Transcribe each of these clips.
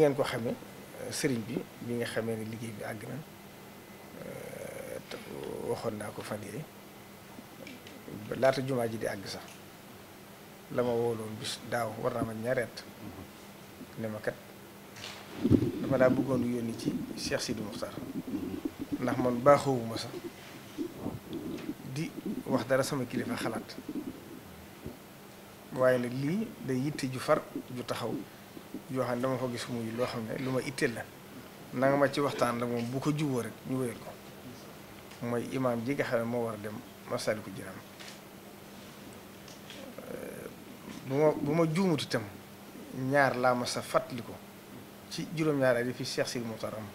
ngeen ko xamee euh, sëriñ bi bi nga xamee ne liggéey bi àgg na euh, waxoon naa ko fan yii laata jumaa ji di àgg sax la ma wooloon bis daaw war naa ma ñareet ne ma kat dama daa bëggoon yónni ci Cheikh Sidi Mokhtar ndax man baaxoowuma sax di wax dara sama kilifa xalaat waaye nag lii day yitte ju far ju taxaw yoo xam ne dama ko gis muy loo xam ne lu ma itteel la nanga ma ci waxtaan la moom bu ko juboo rek ñu wéyal ko mooy imaam ji xam ne moo war a dem Masaalikul Jinaan bu ma bu ma juumut ñaar laa ma sa fàttali ko ci juróom-ñaar at yi fi Cheikh Sidi Moutar am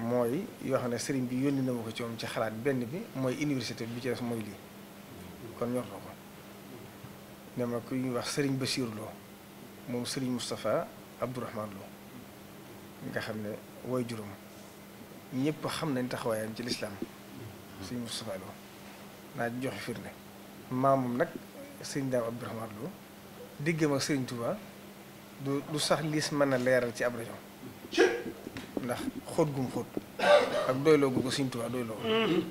mooy yoo xam ne sëriñ bi yónni na ma ko ci moom ci xalaat benn bi mooy université bi ci mooy lii kon ñor na ko ne ma kuy wax sëriñ ba Lo موم سيري مصطفى عبد الرحمن لو ميغا خامني واي جوروم ييب خامن نتا خوايام جي الاسلام سيري مصطفى لو نا جوخ فيرني مامم نك سيري دا عبد الرحمن لو ديغيما سيري توبا دو دو صاح ليس مانا ليرال سي ابراجو ndax xóot gum xóot ak doyloo gu ko suñ tuba doyloo mm-hmm.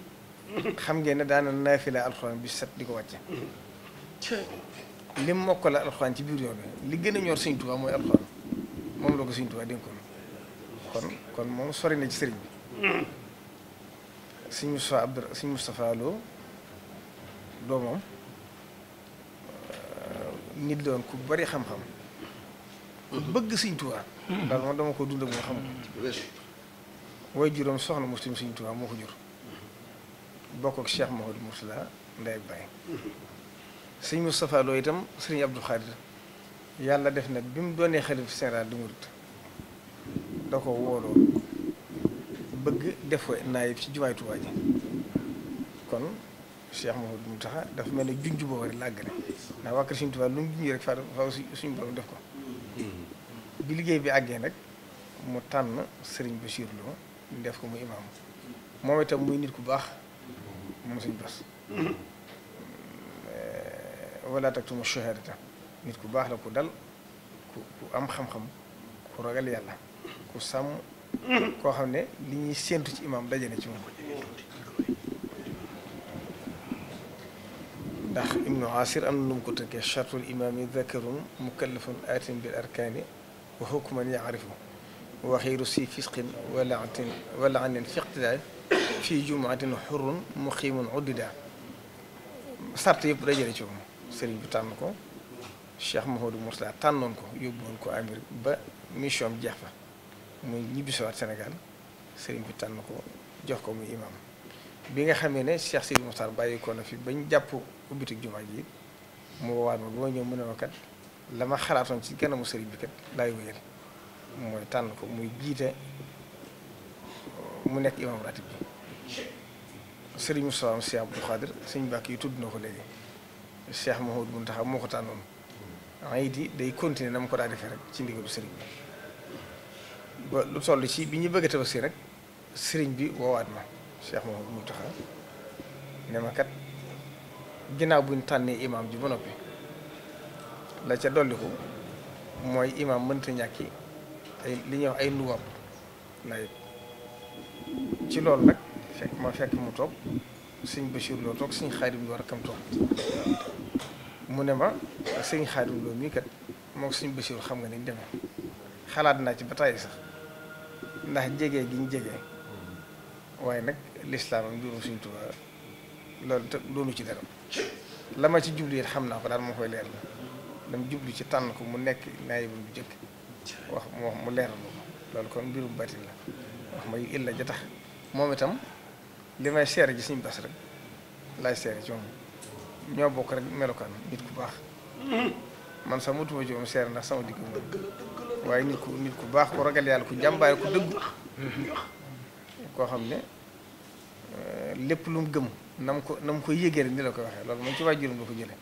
xam ngeen ne daana naafi la alxuraan bi mm-hmm. lim mokkal alxuraan ci biir yoon bi li gën a ñor Sëriñ Tuubaa mooy alxuraan moom la ko Sëriñ Tuubaa dénkoon kon kon moom sori na ci sëriñ bi Sëriñ Moustapha Abdou doomam euh, nit doon ku bari xam-xam bëgg Sëriñ Tuubaa daal moom dama ko dund ak moo xam ko juróom soxna muslim Sëriñ Tuubaa moo ko jur bokk ak Cheikh Mouhamadou Mourtada ndey ak baay sëñ Moustapha Lo itam sëñ Abdou Khadir yàlla def na bi mu doonee xalif général di murit da ko wooloo bëgg def ko naayib ci jumaay Tuubaa ji kon Cheikh Mouhamadou Mountakha dafa mel ne junj boobu rek làgg na ndax waa kër sëñ Tuubaa lu mu junj rek faaw suñu borom def ko bi liggéey bi àggee nag mu tànn sëriñ Bachir Lo def ko muy imaam moom itam muy nit ku baax moom sëñ Bass ولا تكتم الشهادة نيت كو باخ لاكو دال كو ام خم خم كو رغال يالا كو سام كو خامني لي ني سنتو سي امام داجي ناتي مو داخ ابن عاصر ان نوم كو تكي شرط الامام ذكر مكلف ات بالاركان وحكما يعرفه وخير سي فسق ولعت ولعن في اقتداء في جمعه حر مقيم عدد سارت يبدا جيري sëriñ bi tànn ko Cheikh Mahodou Mourtada tànnoon ko yóbbuwoon ko Amérique ba mission jeex fa muy ñibbi ñibbisiwaat Sénégal sëriñ bi tànn ko jox ko muy imam bi nga xamee ne Cheikh Sidi Mourtada bàyyi ko na fi bañ jàpp ubbitik jumaa ji mu woowaat ma ba ma ñëw mu ne ma la ma xalaatoon ci kanamu sëriñ bi kat laay wéyal mooy tànn ko muy jiite mu nekk imam ratib bi sëriñ Moustapha Cheikh Abdou Khadir sëñ bàkk yi tudd na ko léegi Cheikh Mouhamadou Mountakha moo ko tànnoon ayit yi day continuer na ko daa defee rek ci ndigalu sëriñ bi ba lu toll ci bi ñu bëgg a rek sëriñ bi woowaat ma Cheikh Mouhamadou Mountakha ne ma kat ginnaaw bu ñu tànnee imaam ji ba noppi la ca dolliku mooy imaam mënta ñàkki ay li ñuy wax ay luwaam na ci loolu nag fekk ma fekk mu toog sëñ Bachir Lo toog sëñ Xaadim Lo rakkam toog mu ne ma sëñ Xaadim Lo mii kat moom sëñ Bachir xam nga ni demee xalaat naa ci ba tàyyi sax ndax jege gi ñu jege waaye nag lislaam am juróom suñ ci dara la ci jublu xam naa ko daal moo koy leer la dama jublu ci tànn ko mu nekk naayib bu jëkk wax mu wax mu loolu kon mbirum batin la wax ma illa ja tax moom itam li may seere ji suñu bas rek laay seere ci moom ñoo bokk rek melokaan nit ku baax man sax mutuma ci moom seere ndax sama digg moom waaye nit ku nit ku baax ku ragal yàlla ku jàmbaare ku dëgg koo xam ne eh, lépp lu mu gëm na mu ko na mu ko yëgee rek ni la koy waxee loolu moom ci waajuram la ko jële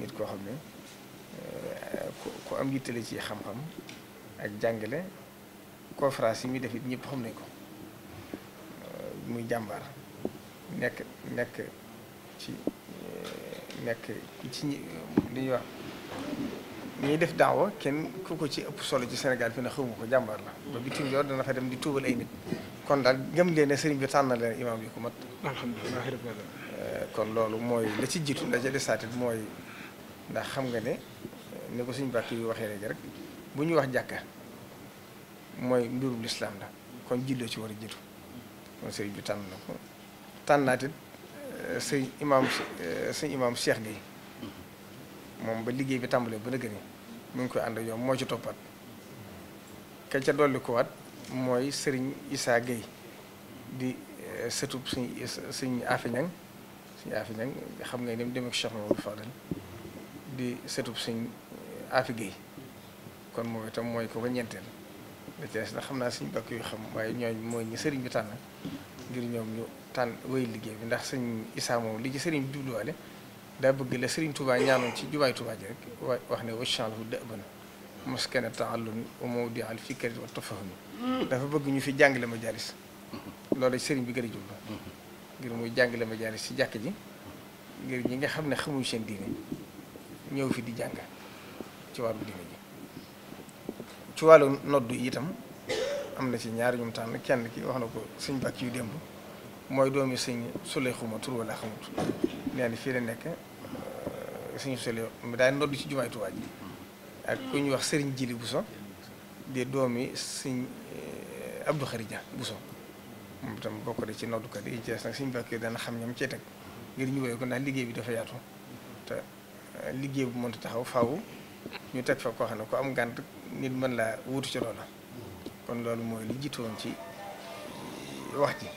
nit koo xam ne eh, ku am yittale ci xam-xam ak jàngale conférence yi muy def it ñëpp xam nañ ko muy jàmbar nekk nekk ci eh, nekk ci ñi li ñuy wax ñuy def daawa kenn ku ko ci ëpp solo ci Sénégal fi na xawma ko jàmbaar la ba bitim yoon dana fa dem di tuubal ay nit kon daal gëm leen ne sëriñ bi tànn leen imaam yi ko mat eh, kon loolu mooy la ci jiitu la ca desaatit mooy ndax xam nga ne eh, ni ko suñu bàkk yi waxee léegi rek bu ñu wax jàkka mooy mbirum lislaam la kon jilloo ci war a jiitu kon sëriñ bi tànn na ko tànnaat it euh, sëñ imaam euh, sëñ imaam Cheikh Gueye moom ba liggéey bi tàmbalee ba nëgg ni mu ngi koy ànd ñoom moo ci toppat ka ca dolli ko waat mooy sëriñ Issa Gueye di euh, sëtub suñ suñ Afeñang suñ Afeñang xam nga ni mu demee ak Cheikh Mamadou Fadal di sëtub suñ Afi Gueye kon moom itam mooy ko ba ñeenteel li ci des xam naa suñ bokk yu xam waaye ñooñu mooy ñu sëriñ bi tànn ngir ñoom ñu tànn wéy liggéey bi ndax sëñ Issa moom li ci sëriñ bi jubluwaale daa bëgg la sëriñ Touba ñaanoon ci jubaay Touba ji rek wa wax ne wachanlahu dëban maskana taallum wa mawdi al fikri wa tafahumi dafa bëgg ñu fi jàngale majalis loolu sëriñ bi gën a jublu ngir muy jàngale majalis ci jàkk ji ngir ñi nga xam ne xamuñ seen diine ñëw fi di jàng ci wàllu ci wàllu nodd yi itam am na ci ñaari ñum tànn kenn ki wax na ko sëñ bàcc yu démb mooy doomi sëñ Souley xuma tur wala xamut nee fii la nekk euh, sëñ Souley mi daay noddu ci jumaay Tuubaa ji ak ku ñuy wax sëriñ Jili Buso di doomi sëñ euh, Abdou Xarija Buso moom tam bokk de ci noddukat yi ci des nag sëñ bàcc yu dana xam ñoom cee teg ngir ñu wéy ko ndax liggéey bi dafa yaatu te euh, liggéey bu mënta taxaw faaw ñu teg fa ko xam ne ku am gànt nit mën laa wutu ci loolu kon loolu mooy li jiitoon ci wax ji